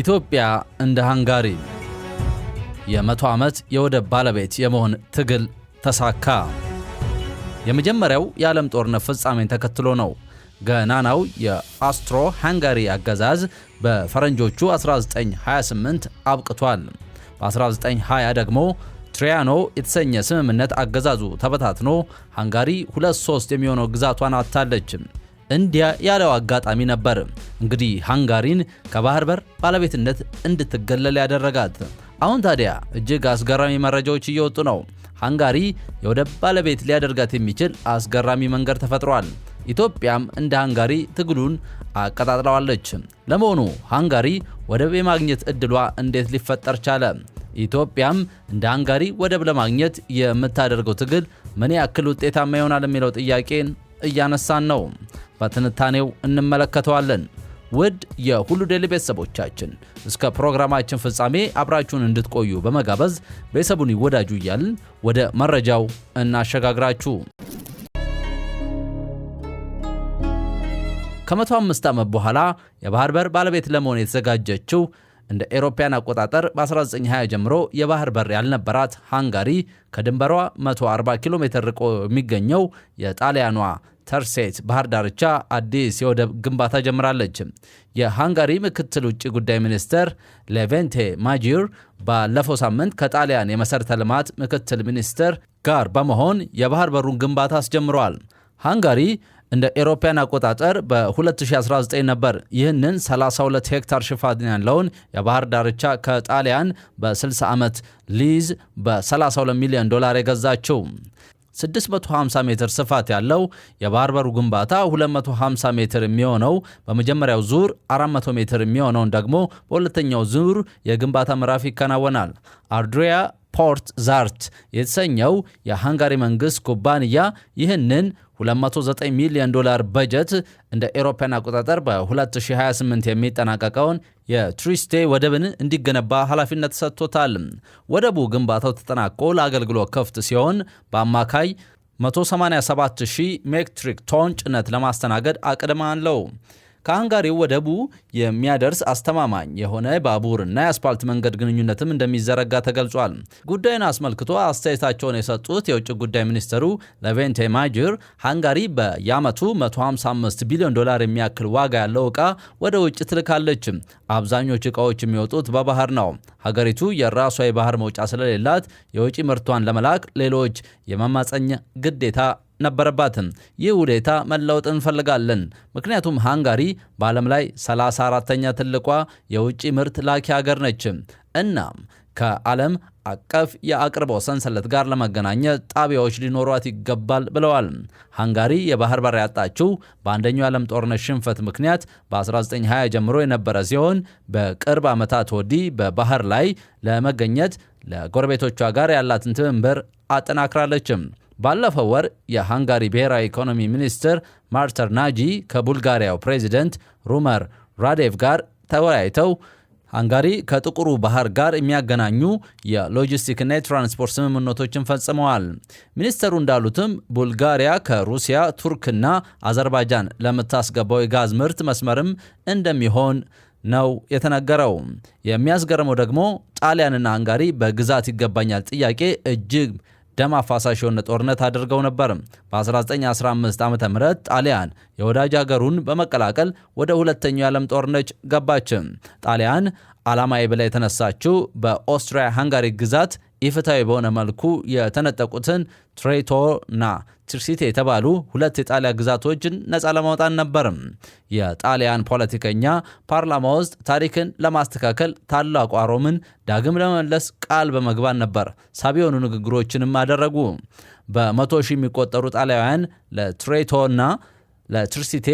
ኢትዮጵያ እንደ ሃንጋሪ የመቶ ዓመት የወደብ ባለቤት የመሆን ትግል ተሳካ። የመጀመሪያው የዓለም ጦርነት ፍጻሜን ተከትሎ ነው ገናናው የአስትሮ ሃንጋሪ አገዛዝ በፈረንጆቹ 1928 አብቅቷል። በ1920 ደግሞ ትሪያኖ የተሰኘ ስምምነት አገዛዙ ተበታትኖ ሃንጋሪ ሁለት ሶስት የሚሆነው ግዛቷን አታለች። እንዲያ ያለው አጋጣሚ ነበር እንግዲህ ሃንጋሪን ከባህር በር ባለቤትነት እንድትገለል ያደረጋት። አሁን ታዲያ እጅግ አስገራሚ መረጃዎች እየወጡ ነው። ሃንጋሪ የወደብ ባለቤት ሊያደርጋት የሚችል አስገራሚ መንገድ ተፈጥሯል። ኢትዮጵያም እንደ ሃንጋሪ ትግሉን አቀጣጥለዋለች። ለመሆኑ ሃንጋሪ ወደብ የማግኘት እድሏ እንዴት ሊፈጠር ቻለ? ኢትዮጵያም እንደ ሃንጋሪ ወደብ ለማግኘት የምታደርገው ትግል ምን ያክል ውጤታማ ይሆናል የሚለው ጥያቄን እያነሳን ነው። በትንታኔው እንመለከተዋለን። ውድ የሁሉ ዴይሊ ቤተሰቦቻችን እስከ ፕሮግራማችን ፍጻሜ አብራችሁን እንድትቆዩ በመጋበዝ ቤተሰቡን ይወዳጁ እያልን ወደ መረጃው እናሸጋግራችሁ። ከመቶ አምስት ዓመት በኋላ የባህር በር ባለቤት ለመሆን የተዘጋጀችው እንደ ኤሮፓያን አቆጣጠር በ1920 ጀምሮ የባህር በር ያልነበራት ሃንጋሪ ከድንበሯ 140 ኪሎ ሜትር ርቆ የሚገኘው የጣሊያኗ ተርሴት ባህር ዳርቻ አዲስ የወደብ ግንባታ ጀምራለች። የሃንጋሪ ምክትል ውጭ ጉዳይ ሚኒስትር ሌቬንቴ ማጂር ባለፈው ሳምንት ከጣሊያን የመሠረተ ልማት ምክትል ሚኒስትር ጋር በመሆን የባህር በሩን ግንባታ አስጀምረዋል። ሃንጋሪ እንደ ኤሮፓያን አቆጣጠር በ2019 ነበር ይህንን 32 ሄክታር ሽፋን ያለውን የባህር ዳርቻ ከጣሊያን በ60 ዓመት ሊዝ በ32 ሚሊዮን ዶላር የገዛችው። 650 ሜትር ስፋት ያለው የባህር በሩ ግንባታ 250 ሜትር የሚሆነው በመጀመሪያው ዙር፣ 400 ሜትር የሚሆነውን ደግሞ በሁለተኛው ዙር የግንባታ ምዕራፍ ይከናወናል። አርድሪያ ፖርት ዛርት የተሰኘው የሃንጋሪ መንግሥት ኩባንያ ይህንን 209 ሚሊዮን ዶላር በጀት እንደ ኤሮፓያን አቆጣጠር በ2028 የሚጠናቀቀውን የትሪስቴ ወደብን እንዲገነባ ኃላፊነት ሰጥቶታል። ወደቡ ግንባታው ተጠናቆ ለአገልግሎት ክፍት ሲሆን በአማካይ 187 ሺህ ሜትሪክ ቶን ጭነት ለማስተናገድ አለው ከአንጋሪው ወደቡ የሚያደርስ አስተማማኝ የሆነ ባቡር እና የአስፓልት መንገድ ግንኙነትም እንደሚዘረጋ ተገልጿል። ጉዳዩን አስመልክቶ አስተያየታቸውን የሰጡት የውጭ ጉዳይ ሚኒስትሩ ለቬንቴ ማጅር ሃንጋሪ በየአመቱ 155 ቢሊዮን ዶላር የሚያክል ዋጋ ያለው ዕቃ ወደ ውጭ ትልካለች። አብዛኞቹ ዕቃዎች የሚወጡት በባህር ነው። ሀገሪቱ የራሷ የባህር መውጫ ስለሌላት የውጭ ምርቷን ለመላክ ሌሎች የማማፀኛ ግዴታ ነበረባትም። ይህ ሁኔታ መለወጥ እንፈልጋለን፣ ምክንያቱም ሃንጋሪ በዓለም ላይ 34ተኛ ትልቋ የውጭ ምርት ላኪ ሀገር ነች። እናም ከዓለም አቀፍ የአቅርቦት ሰንሰለት ጋር ለመገናኘት ጣቢያዎች ሊኖሯት ይገባል ብለዋል። ሃንጋሪ የባህር በር ያጣችው በአንደኛው የዓለም ጦርነት ሽንፈት ምክንያት በ1920 ጀምሮ የነበረ ሲሆን በቅርብ ዓመታት ወዲህ በባህር ላይ ለመገኘት ለጎረቤቶቿ ጋር ያላትን ትብብር አጠናክራለችም። ባለፈው ወር የሃንጋሪ ብሔራዊ ኢኮኖሚ ሚኒስትር ማርተር ናጂ ከቡልጋሪያው ፕሬዚደንት ሩመር ራዴቭ ጋር ተወያይተው ሃንጋሪ ከጥቁሩ ባህር ጋር የሚያገናኙ የሎጂስቲክና የትራንስፖርት ስምምነቶችን ፈጽመዋል። ሚኒስተሩ እንዳሉትም ቡልጋሪያ ከሩሲያ ቱርክና አዘርባይጃን ለምታስገባው የጋዝ ምርት መስመርም እንደሚሆን ነው የተነገረው። የሚያስገርመው ደግሞ ጣሊያንና ሃንጋሪ በግዛት ይገባኛል ጥያቄ እጅግ ደም አፋሳሽ የሆነ ጦርነት አድርገው ነበር። በ1915 ዓ ም ጣሊያን የወዳጅ አገሩን በመቀላቀል ወደ ሁለተኛው የዓለም ጦርነት ገባች። ጣሊያን ዓላማዬ ብላ የተነሳችው በኦስትሪያ ሃንጋሪ ግዛት ኢፍትሐዊ በሆነ መልኩ የተነጠቁትን ትሬቶና ትርሲቴ የተባሉ ሁለት የጣሊያ ግዛቶችን ነፃ ለማውጣት ነበርም። የጣሊያን ፖለቲከኛ ፓርላማ ውስጥ ታሪክን ለማስተካከል ታላቋ ሮምን ዳግም ለመመለስ ቃል በመግባት ነበር። ሳቢ የሆኑ ንግግሮችንም አደረጉ። በመቶ ሺህ የሚቆጠሩ ጣሊያውያን ለትሬቶና ለትርሲቴ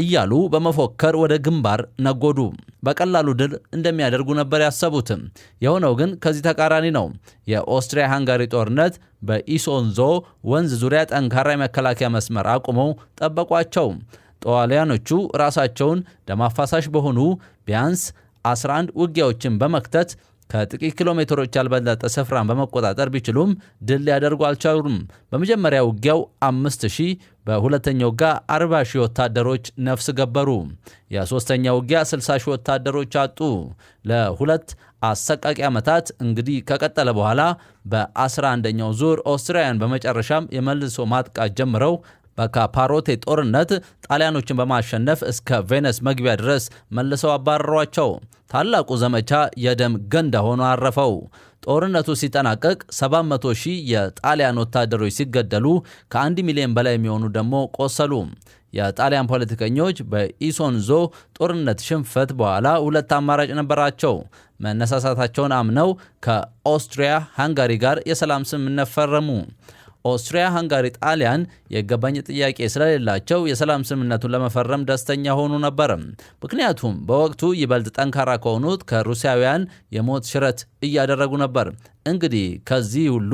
እያሉ በመፎከር ወደ ግንባር ነጎዱ። በቀላሉ ድል እንደሚያደርጉ ነበር ያሰቡትም። የሆነው ግን ከዚህ ተቃራኒ ነው። የኦስትሪያ ሃንጋሪ ጦርነት በኢሶንዞ ወንዝ ዙሪያ ጠንካራ የመከላከያ መስመር አቁመው ጠበቋቸው። ጣሊያኖቹ ራሳቸውን ደም አፋሳሽ በሆኑ ቢያንስ 11 ውጊያዎችን በመክተት ከጥቂት ኪሎ ሜትሮች ያልበለጠ ስፍራን በመቆጣጠር ቢችሉም ድል ሊያደርጉ አልቻሉም። በመጀመሪያ ውጊያው አምስት ሺህ በሁለተኛው ውጊያ 40 ሺህ ወታደሮች ነፍስ ገበሩ። የሦስተኛ ውጊያ 60 ሺህ ወታደሮች አጡ። ለሁለት አሰቃቂ ዓመታት እንግዲህ ከቀጠለ በኋላ በ11ኛው ዙር ኦስትሪያውያን በመጨረሻም የመልሶ ማጥቃት ጀምረው በካፓሮቴ ጦርነት ጣሊያኖችን በማሸነፍ እስከ ቬነስ መግቢያ ድረስ መልሰው አባረሯቸው። ታላቁ ዘመቻ የደም ገንዳ ሆኖ አረፈው። ጦርነቱ ሲጠናቀቅ 700 ሺህ የጣሊያን ወታደሮች ሲገደሉ ከአንድ ሚሊዮን በላይ የሚሆኑ ደግሞ ቆሰሉ። የጣሊያን ፖለቲከኞች በኢሶንዞ ጦርነት ሽንፈት በኋላ ሁለት አማራጭ ነበራቸው። መነሳሳታቸውን አምነው ከኦስትሪያ ሃንጋሪ ጋር የሰላም ስምምነት ፈረሙ። ኦስትሪያ፣ ሃንጋሪ፣ ጣሊያን የይገባኝ ጥያቄ ስለሌላቸው የሰላም ስምምነቱን ለመፈረም ደስተኛ ሆኑ ነበር። ምክንያቱም በወቅቱ ይበልጥ ጠንካራ ከሆኑት ከሩሲያውያን የሞት ሽረት እያደረጉ ነበር። እንግዲህ ከዚህ ሁሉ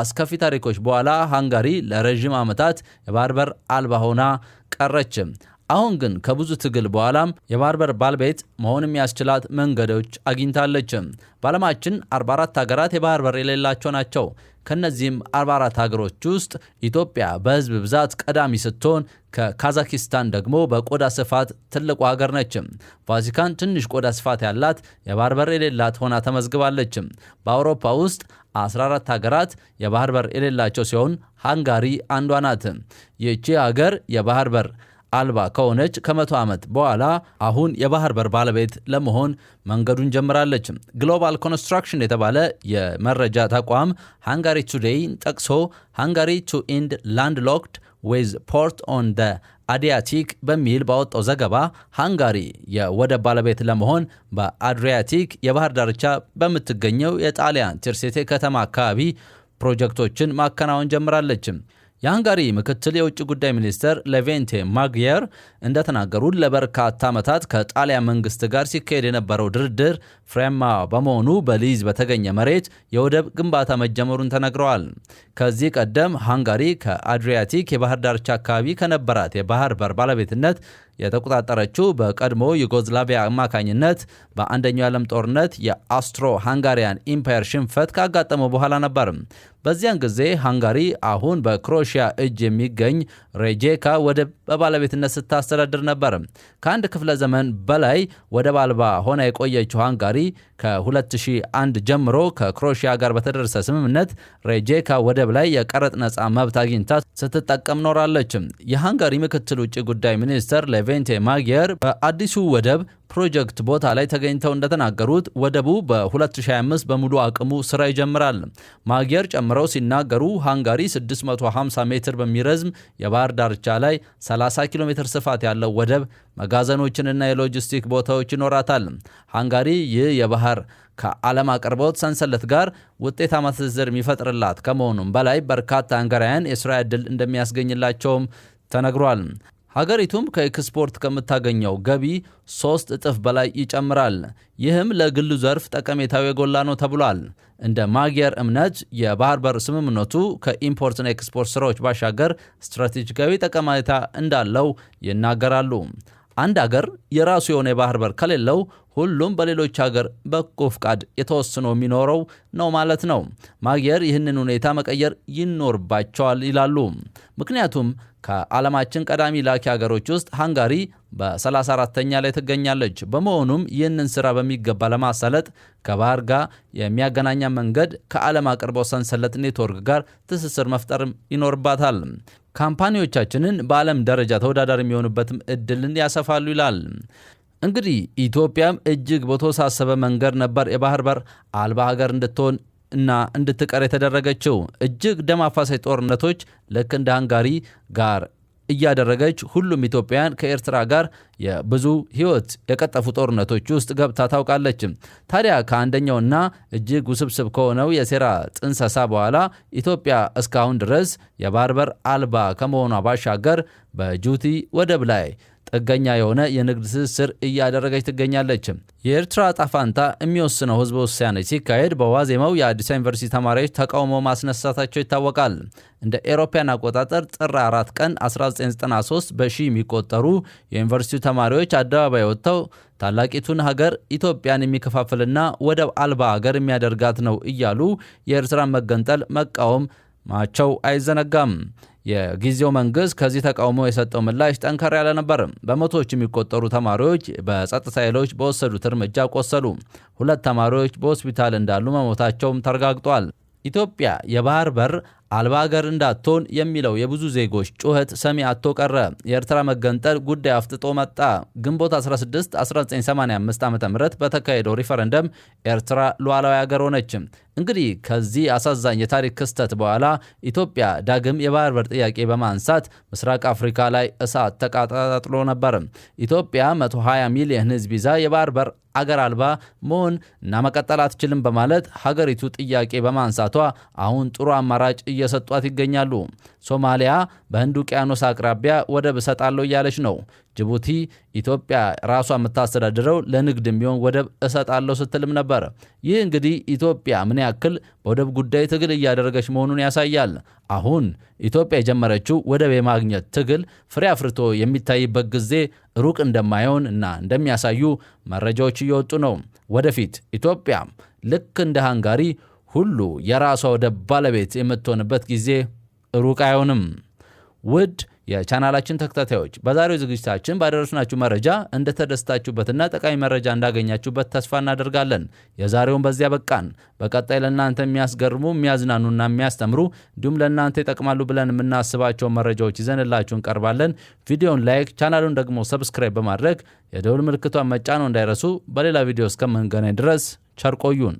አስከፊ ታሪኮች በኋላ ሃንጋሪ ለረዥም ዓመታት የባህር በር አልባ ሆና ቀረች። አሁን ግን ከብዙ ትግል በኋላም የባህር በር ባለቤት መሆን የሚያስችላት መንገዶች አግኝታለች። በዓለማችን 44 ሀገራት የባህር በር የሌላቸው ናቸው። ከነዚህም 44 ሀገሮች ውስጥ ኢትዮጵያ በህዝብ ብዛት ቀዳሚ ስትሆን ከካዛኪስታን ደግሞ በቆዳ ስፋት ትልቁ ሀገር ነች ቫቲካን ትንሽ ቆዳ ስፋት ያላት የባህር በር የሌላት ሆና ተመዝግባለች በአውሮፓ ውስጥ 14 ሀገራት የባህር በር የሌላቸው ሲሆን ሃንጋሪ አንዷ ናት። ይቺ ሀገር የባህር በር አልባ ከሆነች ከመቶ ዓመት በኋላ አሁን የባህር በር ባለቤት ለመሆን መንገዱን ጀምራለች። ግሎባል ኮንስትራክሽን የተባለ የመረጃ ተቋም ሃንጋሪ ቱዴይን ጠቅሶ ሃንጋሪ ቱ ኢንድ ላንድ ሎክድ ዌዝ ፖርት ኦን ደ አድሪያቲክ በሚል ባወጣው ዘገባ ሃንጋሪ የወደብ ባለቤት ለመሆን በአድሪያቲክ የባህር ዳርቻ በምትገኘው የጣሊያን ቲርሴቴ ከተማ አካባቢ ፕሮጀክቶችን ማከናወን ጀምራለችም። የሃንጋሪ ምክትል የውጭ ጉዳይ ሚኒስትር ሌቬንቴ ማግየር እንደተናገሩት ለበርካታ ዓመታት ከጣሊያን መንግስት ጋር ሲካሄድ የነበረው ድርድር ፍሬማ በመሆኑ በሊዝ በተገኘ መሬት የወደብ ግንባታ መጀመሩን ተናግረዋል። ከዚህ ቀደም ሃንጋሪ ከአድሪያቲክ የባህር ዳርቻ አካባቢ ከነበራት የባህር በር ባለቤትነት የተቆጣጠረችው በቀድሞ ዩጎዝላቪያ አማካኝነት በአንደኛው የዓለም ጦርነት የአስትሮ ሃንጋሪያን ኢምፓየር ሽንፈት ካጋጠመው በኋላ ነበር። በዚያን ጊዜ ሃንጋሪ አሁን በክሮኤሽያ እጅ የሚገኝ ሬጄካ ወደብ በባለቤትነት ስታስተዳድር ነበር። ከአንድ ክፍለ ዘመን በላይ ወደብ አልባ ሆና የቆየችው ሃንጋሪ ከ2001 ጀምሮ ከክሮኤሽያ ጋር በተደረሰ ስምምነት ሬጄካ ወደብ ላይ የቀረጥ ነፃ መብት አግኝታ ስትጠቀም ኖራለች። የሃንጋሪ ምክትል ውጭ ጉዳይ ሚኒስተር ቬንቴ ማጊየር በአዲሱ ወደብ ፕሮጀክት ቦታ ላይ ተገኝተው እንደተናገሩት ወደቡ በ2025 በሙሉ አቅሙ ስራ ይጀምራል። ማጊየር ጨምረው ሲናገሩ ሃንጋሪ 650 ሜትር በሚረዝም የባህር ዳርቻ ላይ 30 ኪሎ ሜትር ስፋት ያለው ወደብ መጋዘኖችንና የሎጂስቲክ ቦታዎች ይኖራታል። ሃንጋሪ ይህ የባህር ከዓለም አቅርቦት ሰንሰለት ጋር ውጤታማ ትስስር የሚፈጥርላት ከመሆኑም በላይ በርካታ ሃንጋሪያን የስራ ዕድል እንደሚያስገኝላቸውም ተነግሯል። ሀገሪቱም ከኤክስፖርት ከምታገኘው ገቢ ሶስት እጥፍ በላይ ይጨምራል። ይህም ለግሉ ዘርፍ ጠቀሜታው የጎላ ነው ተብሏል። እንደ ማጊየር እምነት የባህር በር ስምምነቱ ከኢምፖርትና ኤክስፖርት ስራዎች ባሻገር ስትራቴጂካዊ ጠቀሜታ እንዳለው ይናገራሉ። አንድ አገር የራሱ የሆነ የባህር በር ከሌለው ሁሉም በሌሎች ሀገር በጎ ፍቃድ የተወስኖ የሚኖረው ነው ማለት ነው። ማግየር ይህንን ሁኔታ መቀየር ይኖርባቸዋል ይላሉ። ምክንያቱም ከዓለማችን ቀዳሚ ላኪ ሀገሮች ውስጥ ሃንጋሪ በ34ተኛ ላይ ትገኛለች። በመሆኑም ይህንን ስራ በሚገባ ለማሳለጥ ከባህር ጋር የሚያገናኛ መንገድ ከዓለም አቅርቦ ሰንሰለት ኔትወርክ ጋር ትስስር መፍጠርም ይኖርባታል። ካምፓኒዎቻችንን በዓለም ደረጃ ተወዳዳሪ የሚሆኑበትም እድልን ያሰፋሉ ይላል። እንግዲህ ኢትዮጵያም እጅግ በተወሳሰበ መንገድ ነበር የባህር በር አልባ ሀገር እንድትሆን እና እንድትቀር የተደረገችው። እጅግ ደም ጦርነቶች ልክ እንደ ሃንጋሪ ጋር እያደረገች ሁሉም ኢትዮጵያውያን ከኤርትራ ጋር የብዙ ህይወት የቀጠፉ ጦርነቶች ውስጥ ገብታ ታውቃለች። ታዲያ ከአንደኛውና እጅግ ውስብስብ ከሆነው የሴራ ጥንሰሳ በኋላ ኢትዮጵያ እስካሁን ድረስ የባህር በር አልባ ከመሆኗ ባሻገር በጁቲ ወደብ ላይ ጥገኛ የሆነ የንግድ ትስስር እያደረገች ትገኛለች። የኤርትራ ጣፋንታ የሚወስነው ህዝበ ውሳኔ ሲካሄድ በዋዜማው የአዲስ ዩኒቨርሲቲ ተማሪዎች ተቃውሞ ማስነሳታቸው ይታወቃል። እንደ ኤሮፓያን አቆጣጠር ጥር 4 ቀን 1993 በሺህ የሚቆጠሩ የዩኒቨርሲቲ ተማሪዎች አደባባይ ወጥተው ታላቂቱን ሀገር ኢትዮጵያን የሚከፋፍልና ወደብ አልባ ሀገር የሚያደርጋት ነው እያሉ የኤርትራን መገንጠል መቃወም ማቸው አይዘነጋም። የጊዜው መንግስት ከዚህ ተቃውሞ የሰጠው ምላሽ ጠንከር ያለ ነበር። በመቶዎች የሚቆጠሩ ተማሪዎች በጸጥታ ኃይሎች በወሰዱት እርምጃ ቆሰሉ። ሁለት ተማሪዎች በሆስፒታል እንዳሉ መሞታቸውም ተረጋግጧል። ኢትዮጵያ የባህር በር አልባ ሀገር እንዳትሆን የሚለው የብዙ ዜጎች ጩኸት ሰሚ አጥቶ ቀረ። የኤርትራ መገንጠል ጉዳይ አፍጥጦ መጣ። ግንቦት 16 1985 ዓ ም በተካሄደው ሪፈረንደም ኤርትራ ሉዓላዊ አገር ሆነች። እንግዲህ ከዚህ አሳዛኝ የታሪክ ክስተት በኋላ ኢትዮጵያ ዳግም የባህር በር ጥያቄ በማንሳት ምስራቅ አፍሪካ ላይ እሳት ተቃጣጥሎ ነበር። ኢትዮጵያ 120 ሚሊዮን ሕዝብ ይዛ የባህር በር አገር አልባ መሆን እና መቀጠል አትችልም በማለት ሀገሪቱ ጥያቄ በማንሳቷ አሁን ጥሩ አማራጭ እየሰጧት ይገኛሉ። ሶማሊያ በህንድ ውቅያኖስ አቅራቢያ ወደብ እሰጣለሁ እያለች ነው። ጅቡቲ ኢትዮጵያ ራሷ የምታስተዳድረው ለንግድ የሚሆን ወደብ እሰጣለሁ ስትልም ነበር። ይህ እንግዲህ ኢትዮጵያ ምን ያክል በወደብ ጉዳይ ትግል እያደረገች መሆኑን ያሳያል። አሁን ኢትዮጵያ የጀመረችው ወደብ የማግኘት ትግል ፍሬ አፍርቶ የሚታይበት ጊዜ ሩቅ እንደማይሆን እና እንደሚያሳዩ መረጃዎች እየወጡ ነው። ወደፊት ኢትዮጵያ ልክ እንደ ሃንጋሪ ሁሉ የራሷ ወደብ ባለቤት የምትሆንበት ጊዜ ሩቅ አይሆንም። ውድ የቻናላችን ተከታታዮች በዛሬው ዝግጅታችን ባደረስናችሁ መረጃ እንደተደስታችሁበትና ጠቃሚ መረጃ እንዳገኛችሁበት ተስፋ እናደርጋለን። የዛሬውን በዚያ በቃን። በቀጣይ ለእናንተ የሚያስገርሙ የሚያዝናኑና የሚያስተምሩ እንዲሁም ለእናንተ ይጠቅማሉ ብለን የምናስባቸው መረጃዎች ይዘንላችሁ እንቀርባለን። ቪዲዮን ላይክ፣ ቻናሉን ደግሞ ሰብስክራይብ በማድረግ የደውል ምልክቷን መጫነው እንዳይረሱ። በሌላ ቪዲዮ እስከምንገናኝ ድረስ ቸርቆዩን